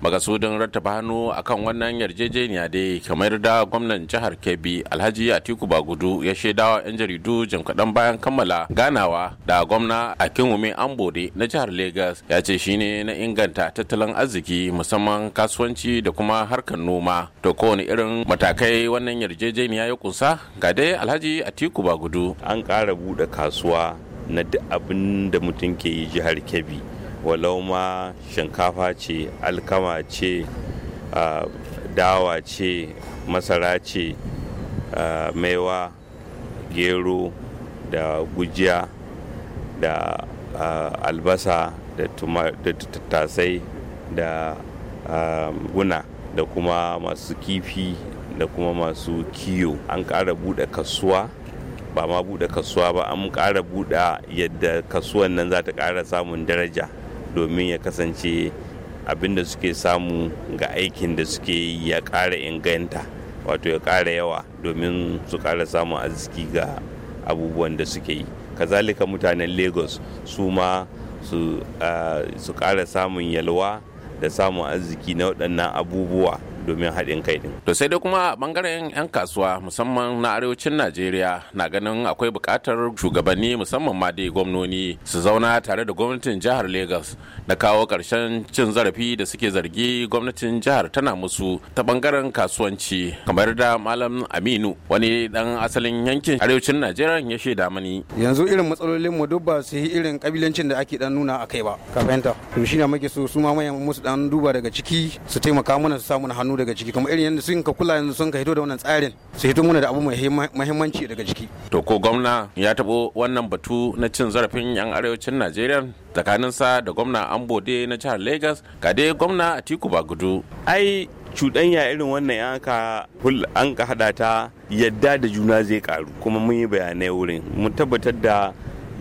magasudin rattaba hannu akan wannan yarjejeniya dai kamar da gwamnan jihar kebbi alhaji atiku bagudu ya shaidawa 'yan jaridu jim kaɗan bayan kammala ganawa da gwamna akinwumi ambode na jihar Legas ya ce shine na inganta tattalin arziki musamman kasuwanci da kuma harkar noma to kowane irin matakai wannan yarjejeniya ya kunsa ga dai alhaji atiku bagudu an ƙara buɗe kasuwa na duk abin da mutum ke yi jihar kebbi walau ma shinkafa ce alkama ce dawa ce masara ce maiwa gero da gujiya da albasa da tattasai da guna da kuma masu kifi da kuma masu kiyo an ƙara buɗe kasuwa ba ma buɗe kasuwa ba an ƙara buɗe yadda kasuwan nan za ta ƙara samun daraja domin ya kasance abin da suke samu ga aikin da suke ya ƙara inganta wato ya ƙara yawa domin su ƙara samun arziki ga abubuwan da suke yi kazalika mutanen lagos su ma su ah, ƙara samun yalwa da samun arziki na waɗannan abubuwa domin haɗin kai ɗin. To sai dai kuma bangaren 'yan kasuwa musamman na arewacin Najeriya na ganin akwai buƙatar shugabanni musamman ma dai gwamnoni su zauna tare da gwamnatin jihar Lagos na kawo ƙarshen cin zarafi da suke zargi gwamnatin jihar tana musu ta bangaren kasuwanci kamar da Malam Aminu wani dan asalin yankin arewacin Najeriya ya shaida mani. Yanzu irin matsalolin mu duk ba su yi irin kabilancin da ake dan nuna akai ba. Ka fahimta. To ne muke so su ma musu dan duba daga ciki su taimaka mana su samu hannu daga ciki kamar irin yadda sun ka kula yanzu sun ka hito da wannan tsarin su hito muna da abu mai mahimmanci daga ciki to ko gwamna ya tabo wannan batu na cin zarafin yan arewacin najeriya tsakanin sa da gwamna ambode na jihar lagos ga dai gwamna atiku bagudu ai cuɗanya irin wannan ya ka an ka hada ta yadda da juna zai karu kuma mun yi bayanai wurin mu tabbatar da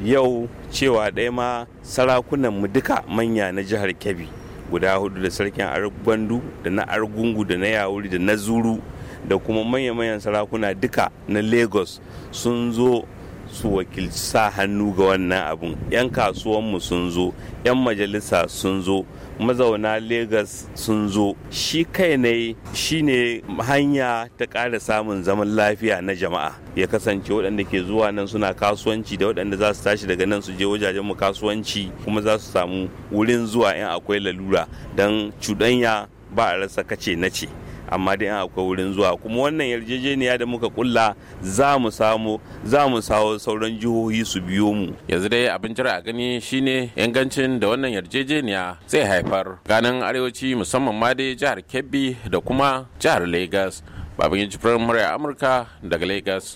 yau cewa ɗaya ma sarakunan mu duka manya na jihar kebbi guda hudu da sarkin argwandu da na argungu da na yawuri da na zuru da kuma manya-manyan sarakuna duka na lagos sun zo su wakilci sa hannu ga wannan abun 'yan kasuwanmu sun zo 'yan majalisa sun zo mazauna Legas sun zo shi kai ne shi ne hanya ta ƙara samun zaman lafiya na jama'a ya kasance waɗanda ke zuwa nan suna kasuwanci da waɗanda za su tashi daga nan su je wajajen mu kasuwanci kuma za su samu wurin zuwa yan akwai lalura don cuɗanya ba a rasa kace na ce amma dai akwai wurin zuwa kuma wannan yarjejeniya da muka kulla za mu samu za mu sawo sauran jihohi su biyo mu yanzu dai abin jira a gani shine ingancin da wannan yarjejeniya zai haifar ganin arewaci musamman ma dai jihar kebbi da kuma jihar lagos babin jibrin murya amurka daga lagos